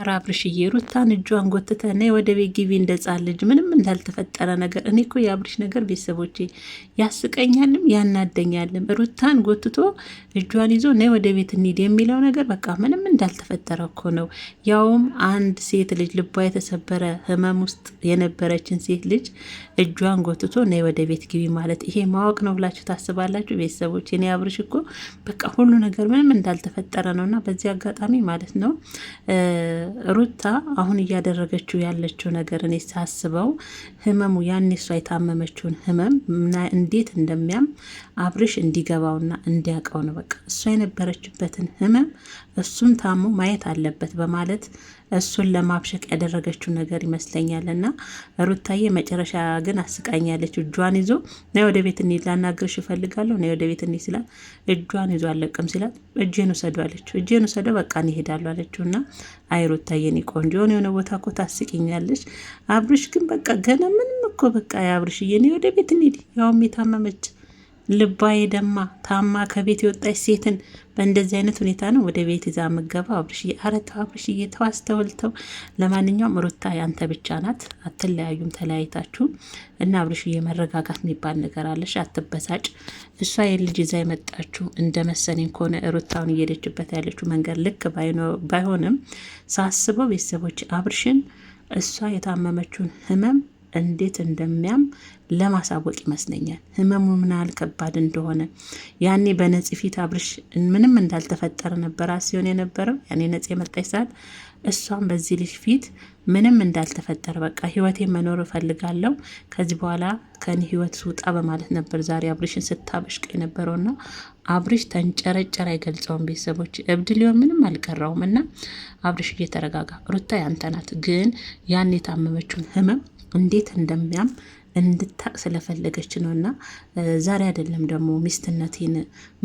ኧረ አብርሽዬ ሩታን እጇን ጎትተህ ነይ ወደ ቤት ግቢ እንደ ሕፃን ልጅ ምንም እንዳልተፈጠረ ነገር። እኔ እኮ የአብርሽ ነገር ቤተሰቦቼ ያስቀኛልም ያናደኛልም። ሩታን ጎትቶ እጇን ይዞ ነይ ወደ ቤት እንሂድ የሚለው ነገር በቃ ምንም እንዳልተፈጠረ እኮ ነው። ያውም አንድ ሴት ልጅ ልቧ የተሰበረ ህመም ውስጥ የነበረችን ሴት ልጅ እጇን ጎትቶ ነይ ወደ ቤት ግቢ ማለት ይሄ ማወቅ ነው ብላችሁ ታስባላችሁ ቤተሰቦች? እኔ አብርሽ እኮ በቃ ሁሉ ነገር ምንም እንዳልተፈጠረ ነው እና በዚህ አጋጣሚ ማለት ነው ሩታ አሁን እያደረገችው ያለችው ነገር እኔ ሳስበው ህመሙ ያን እሷ የታመመችውን ህመም እንዴት እንደሚያም አብርሽ እንዲገባውና እንዲያውቀው ነው። በቃ እሷ የነበረችበትን ህመም እሱም ታሞ ማየት አለበት በማለት እሱን ለማብሸቅ ያደረገችው ነገር ይመስለኛል። እና ሩታዬ መጨረሻ ግን አስቃኛለች። እጇን ይዞ ና ወደ ቤት እኒ ላናግርሽ እፈልጋለሁ፣ ና ወደ ቤት እኒ ሲላት እጇን ይዞ አለቅም ሲላት እጄን ውሰዱ አለችው። እጄን ውሰደው በቃ ይሄዳሉ አለችው። እና አይ ሩታዬ እኔ ቆንጆ ሆን የሆነ ቦታ እኮ ታስቂኛለች። አብርሽ ግን በቃ ገና ምንም እኮ በቃ አብርሽዬ፣ ና ወደ ቤት እንሂድ፣ ያውም የታመመች ልባ የደማ ታማ ከቤት የወጣች ሴትን በእንደዚህ አይነት ሁኔታ ነው ወደ ቤት ይዛ ምገባ። አብርሽዬ፣ ኧረ ተው አብርሽዬ፣ ተው አስተውልተው። ለማንኛውም ሩታ ያንተ ብቻ ናት፣ አትለያዩም ተለያይታችሁ እና አብርሽዬ መረጋጋት የሚባል ነገር አለሽ፣ አትበሳጭ። እሷ የልጅ ይዛ የመጣችሁ እንደ መሰለኝ ከሆነ ሩታውን እየሄደችበት ያለችው መንገድ ልክ ባይሆንም ሳስበው ቤተሰቦች አብርሽን እሷ የታመመችውን ህመም እንዴት እንደሚያም ለማሳወቅ ይመስለኛል። ህመሙ ምን ያህል ከባድ እንደሆነ ያኔ በነፂ ፊት አብርሽ ምንም እንዳልተፈጠረ ነበር ሲሆን የነበረው ያኔ ነፂ የመጣች ሰዓት እሷም በዚህ ልጅ ፊት ምንም እንዳልተፈጠረ በቃ ህይወቴ መኖር እፈልጋለሁ ከዚህ በኋላ ከኔ ህይወት ውጣ በማለት ነበር ዛሬ አብርሽን ስታበሽቅ የነበረውና አብርሽ ተንጨረጨረ አይገልጸውም። ቤተሰቦች እብድ ሊሆን ምንም አልቀረውም። እና አብርሽ እየተረጋጋ ሩታ ያንተናት ግን ያን የታመመችውን ህመም እንዴት እንደሚያም እንድታቅ ስለፈለገች ነው። እና ዛሬ አይደለም ደግሞ ሚስትነቴን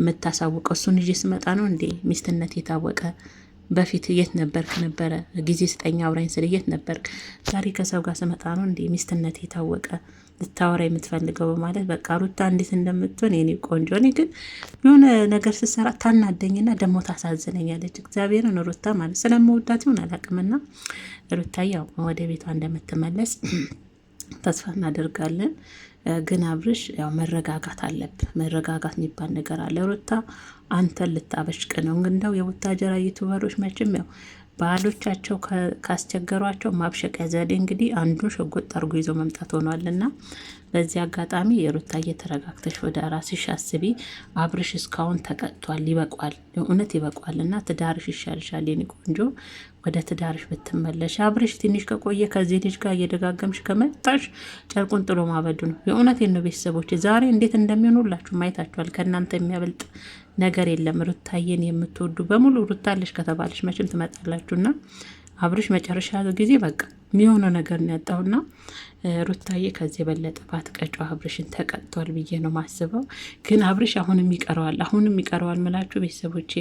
የምታሳውቀው እሱን ይዤ ስመጣ ነው እንዴ ሚስትነት የታወቀ በፊት የት ነበርክ ነበረ ጊዜ ስጠኝ አውራኝ ስል የት ነበርክ? ዛሬ ከሰው ጋር ስመጣ ነው እንደ ሚስትነት የታወቀ ልታወራ የምትፈልገው በማለት በቃ ሩታ እንዴት እንደምትሆን የኔ ቆንጆ። እኔ ግን የሆነ ነገር ስትሰራ ታናደኝና ደግሞ ታሳዝነኛለች። እግዚአብሔርን ሩታ ማለት ስለመወዳት ይሆን አላቅምና ሩታ ያው ወደ ቤቷ እንደምትመለስ ተስፋ እናደርጋለን። ግን አብርሽ ያው መረጋጋት አለብ መረጋጋት የሚባል ነገር አለ። ሩታ አንተን ልታበሽቅ ነው። እንደው የቡታጀራ ዩቱበሮች መቼም ያው ባሎቻቸው ካስቸገሯቸው ማብሸቂያ ዘዴ እንግዲህ አንዱ ሽጉጥ ጠርጎ ይዞ መምጣት ሆኗልና በዚህ አጋጣሚ የሩታዬ ተረጋግተሽ ወደ ራስሽ አስቢ። አብርሽ እስካሁን ተቀጥቷል፣ ይበቋል፣ እውነት ይበቋል እና ትዳርሽ ይሻልሻል። የኔ ቆንጆ ወደ ትዳርሽ ብትመለሽ። አብርሽ ትንሽ ከቆየ ከዚህ ልጅ ጋር እየደጋገምሽ ከመጣሽ ጨርቁን ጥሎ ማበዱ ነው። የእውነት ነው ቤተሰቦች፣ ዛሬ እንዴት እንደሚሆኑላችሁ ሁላችሁ ማየታችኋል። ከእናንተ የሚያበልጥ ነገር የለም። ሩታዬን የምትወዱ በሙሉ ሩታለሽ ከተባለች መቼም ትመጣላችሁና አብርሽ መጨረሻ ጊዜ በቃ የሚሆነው ነገር ነው ያጣውና ሩታዬ ከዚህ የበለጠ ባትቀጫው አብርሽን ተቀጥቷል ብዬ ነው ማስበው። ግን አብርሽ አሁንም ይቀረዋል፣ አሁንም ይቀረዋል ምላችሁ ቤተሰቦቼ።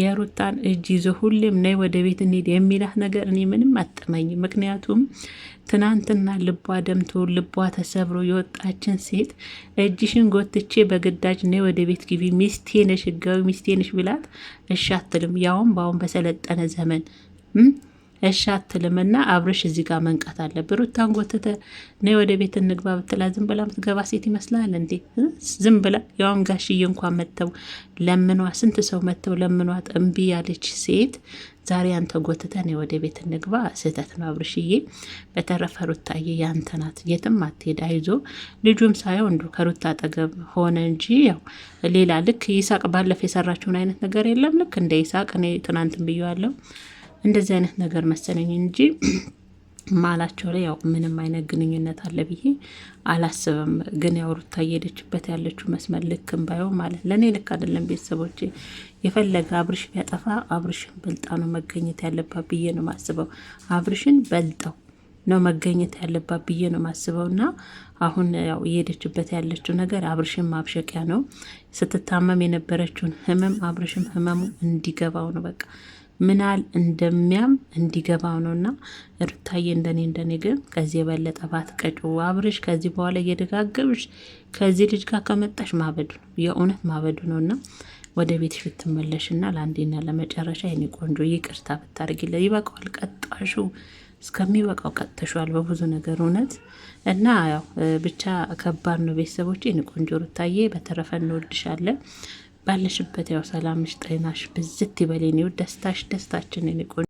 የሩታን እጅ ይዞ ሁሌም ነይ ወደ ቤት እንሄድ የሚላት ነገር እኔ ምንም አጠመኝ። ምክንያቱም ትናንትና ልቧ ደምቶ ልቧ ተሰብሮ የወጣችን ሴት እጅሽን ጎትቼ በግዳጅ ነይ ወደ ቤት ግቢ ሚስቴነሽ፣ ህጋዊ ሚስቴነሽ ብላት እሻትልም ያውም በአሁን በሰለጠነ ዘመን እሺ አትልምና አብርሽ እዚህ ጋር መንቃት አለብህ። ሩታን ጎትተ ነይ ወደ ቤት እንግባ ብትላ ዝም ብላ ምትገባ ሴት ይመስላል እንዴ? ዝም ብላ ያውም ጋሽዬ እንኳን መጥተው ለምኗ፣ ስንት ሰው መጥተው ለምኗት እምቢ ያለች ሴት ዛሬ አንተ ጎትተን ወደ ቤት እንግባ፣ ስህተት ነው አብርሽዬ። በተረፈ ሩታዬ ያንተ ናት፣ የትም አትሄድ፣ አይዞ። ልጁም ሳየው እንዱ ከሩታ አጠገብ ሆነ እንጂ ያው ሌላ ልክ ይሳቅ ባለፈ የሰራችውን አይነት ነገር የለም። ልክ እንደ ይሳቅ እኔ ትናንትን ብየዋለሁ። እንደዚህ አይነት ነገር መሰለኝ እንጂ ማላቸው ላይ ያው ምንም አይነት ግንኙነት አለ ብዬ አላስብም። ግን ያው ሩታ እየሄደችበት ያለችው መስመር ልክም ባይሆን ማለት ለእኔ ልክ አይደለም። ቤተሰቦች የፈለገ አብርሽ ቢያጠፋ አብርሽን በልጣ ነው መገኘት ያለባት ብዬ ነው ማስበው። አብርሽን በልጠው ነው መገኘት ያለባት ብዬ ነው ማስበው። እና አሁን ያው እየሄደችበት ያለችው ነገር አብርሽን ማብሸቂያ ነው። ስትታመም የነበረችውን ህመም አብርሽም ህመሙ እንዲገባው ነው በቃ ምናል እንደሚያም እንዲገባው ነው። እና ሩታዬ እንደኔ እንደኔ ግን ከዚህ የበለጠ ባትቀጩ አብርሽ፣ ከዚህ በኋላ እየደጋገብሽ ከዚህ ልጅ ጋር ከመጣሽ ማበዱ ነው፣ የእውነት ማበዱ ነው። እና ወደ ቤትሽ ብትመለሽ እና ለአንዴና ለመጨረሻ የኔ ቆንጆ ይቅርታ ብታደርጊለት ይበቃዋል። ቀጣሹ እስከሚበቃው ቀጥተሻል በብዙ ነገር እውነት እና ያው ብቻ ከባድ ነው። ቤተሰቦች ቆንጆ ሩታዬ፣ በተረፈ እንወድሻለን። ባለሽበት ያው ሰላምሽ፣ ጤናሽ ብዝት ይበል። እኔው ደስታሽ ደስታችን ንቆ